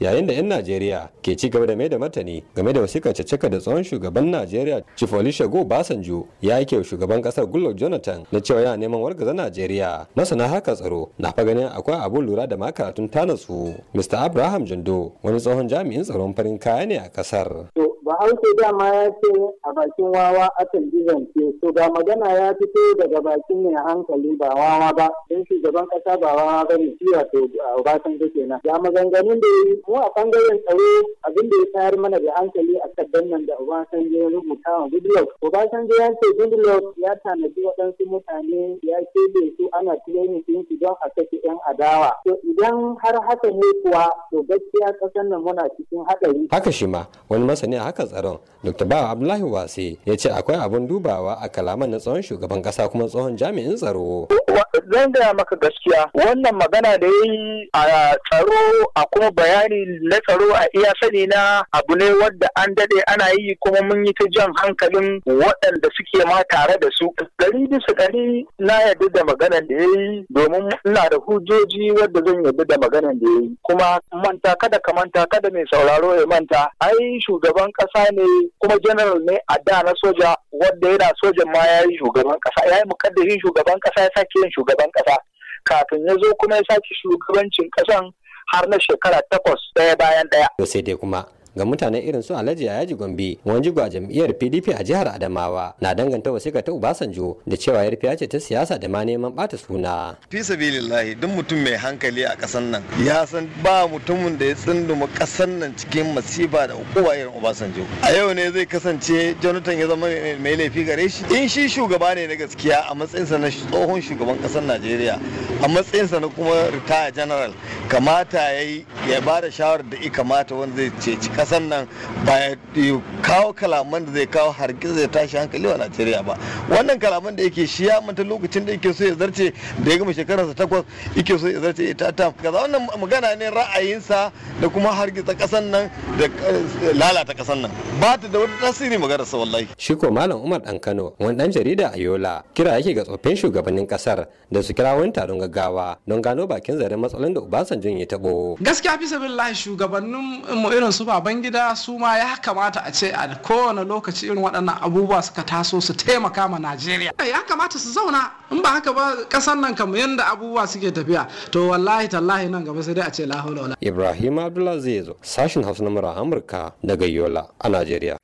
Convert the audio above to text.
yayin da 'yan najeriya ke ci gaba da mai da martani game da wasikar caccaka da tsohon shugaban najeriya chief olusegun basanjo ya kyau shugaban ƙasar goodluck jonathan na cewa yana neman wargaza najeriya masana haka tsaro na fa ganin akwai abun lura da makaratun tanatsu mr abraham jando wani tsohon jami'in tsaron farin kaya ne a kasar bahaushe dama ya ce a bakin wawa akan jizance to ga magana ya fito daga bakin mai hankali ba wawa ba don shugaban kasa ba wawa ba ne shi wato obasanjo kenan ga maganganun da yi. mu a bangaren tsaro abin da ya tayar mana da hankali a kaddan nan da obasanjo ya rubuta wa goodluck obasanjo ya ce goodluck ya tanadi waɗansu mutane ya keɓe su ana tilayin din su don a kashe yan adawa to idan har haka ne kuwa to gaskiya kasan nan muna cikin haɗari haka shi ma wani masani a haka tsaron dr bawa abdullahi Wasi ya ce akwai abin dubawa a kalaman na tsohon shugaban kasa kuma tsohon jami'in tsaro zan gaya maka gaskiya wannan magana da ya yi a tsaro a kuma bayani na tsaro a iya sani na abu ne wadda an dade ana yi kuma mun yi ta jan hankalin waɗanda suke ma tare da su gari bisa gari na yarda da magana da ya yi domin ina da hujjoji wadda zan yarda da magana da ya yi kuma manta kada ka manta kada mai sauraro ya manta ai shugaban ƙasa ne kuma general ne a da na soja wadda yana sojan ma ya yi shugaban ƙasa ya yi mukaddarin shugaban ƙasa ya sake yin shugaban ƙasa kafin ya zo kuma ya sake shugabancin kasan, har na shekara takwas ɗaya bayan ɗaya. sai dai kuma ga mutane irin su Alhaji ayaji Gombe wani a jam'iyyar PDP a jihar Adamawa na danganta wasika ta Obasanjo da cewa yarfiya ce ta siyasa da ma neman bata suna. Fi sabilillahi duk mutum mai hankali a kasan nan ya san ba mutumin da ya tsunduma kasan nan cikin masifa da hukuma irin Obasanjo. A yau ne zai kasance Jonathan ya zama mai laifi gare shi in shi shugaba ne na gaskiya a matsayinsa na tsohon shugaban kasar Najeriya a matsayinsa na kuma ritaya general kamata ya yi ya ba da shawarar da ya kamata wanda zai ceci kasan nan ba kawo kalaman da zai kawo hargitsa zai tashi hankali wa najeriya ba wannan kalaman da yake shi ya manta lokacin da yake so ya zarce da ya gama sa takwas yake so ya zarce ita ta kaza wannan magana ne ra'ayinsa da kuma hargitsa kasan nan da eh, lalata kasan nan ba ta da wata tasiri magana sa wallahi shi ko malam umar dan kano wani dan jarida a yola kira yake ga tsoffin shugabannin kasar da su kira wani taron gaggawa don gano bakin zaren matsalolin da ubasanjo ya tabo gaskiya fi sabillahi shugabannin mu irin su baban yan gida su ma ya kamata a ce a kowane lokaci irin waɗannan abubuwa suka taso su taimaka ma najeriya eh, ya kamata su zauna in ba haka ba ƙasar nan kamar yadda abubuwa suke tafiya to wallahi tallahi nan gaba sai dai a ce la ibrahim abdullahi zai zo sashin hausa na amurka daga yola a najeriya